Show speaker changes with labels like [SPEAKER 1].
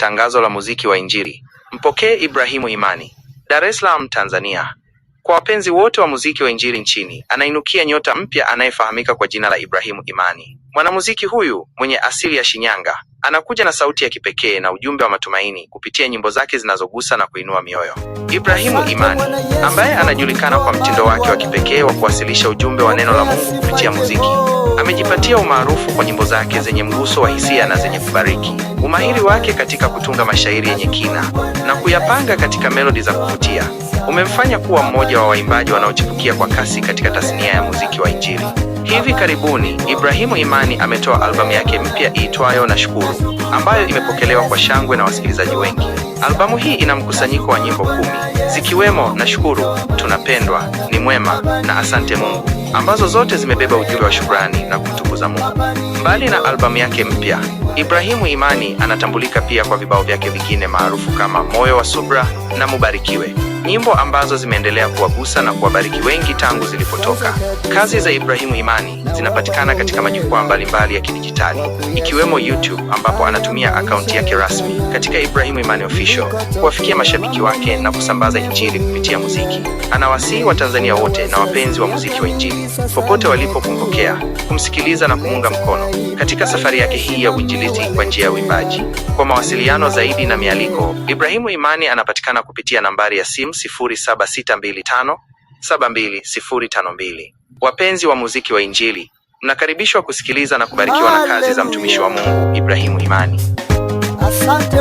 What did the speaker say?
[SPEAKER 1] Tangazo la muziki wa Injili. Mpokee Ibrahimu Imani. Dar es Salaam, Tanzania. Kwa wapenzi wote wa muziki wa injili nchini, anainukia nyota mpya anayefahamika kwa jina la Ibrahimu Imani. Mwanamuziki huyu mwenye asili ya Shinyanga anakuja na sauti ya kipekee na ujumbe wa matumaini kupitia nyimbo zake zinazogusa na kuinua mioyo. Ibrahimu Imani ambaye anajulikana kwa mtindo wake wa kipekee wa kuwasilisha ujumbe wa neno la Mungu kupitia muziki, amejipatia umaarufu kwa nyimbo zake zenye mguso wa hisia na zenye kubariki. Umahiri wake katika kutunga mashairi yenye kina na kuyapanga katika melodi za kuvutia umemfanya kuwa mmoja wa waimbaji wanaochipukia kwa kasi katika tasnia ya muziki wa Injili. Hivi karibuni Ibrahimu Imani ametoa albamu yake mpya iitwayo Nashukuru, ambayo imepokelewa kwa shangwe na wasikilizaji wengi. Albamu hii ina mkusanyiko wa nyimbo kumi zikiwemo Nashukuru, Tunapendwa, Ni Mwema na Asante Mungu, ambazo zote zimebeba ujumbe wa shukrani na kumtukuza Mungu. Mbali na albamu yake mpya, Ibrahimu Imani anatambulika pia kwa vibao vyake vingine maarufu kama Moyo wa Subra na Mubarikiwe nyimbo ambazo zimeendelea kuwagusa na kuwabariki wengi tangu zilipotoka. Kazi za Ibrahimu Imani zinapatikana katika majukwaa mbalimbali ya kidijitali ikiwemo YouTube ambapo anatumia akaunti yake rasmi katika Ibrahimu Imani Official kuwafikia mashabiki wake na kusambaza Injili kupitia muziki. Anawasihi Watanzania wote na wapenzi wa muziki wa Injili popote walipo kumpokea, kumsikiliza na kumunga mkono katika safari yake hii ya uinjilisti kwa njia ya uimbaji. Kwa mawasiliano zaidi na mialiko, Ibrahimu Imani anapatikana kupitia nambari ya simu simu 07625 72052. Wapenzi wa muziki wa Injili, mnakaribishwa kusikiliza na kubarikiwa na kazi za mtumishi wa Mungu Ibrahimu Imani. Asante.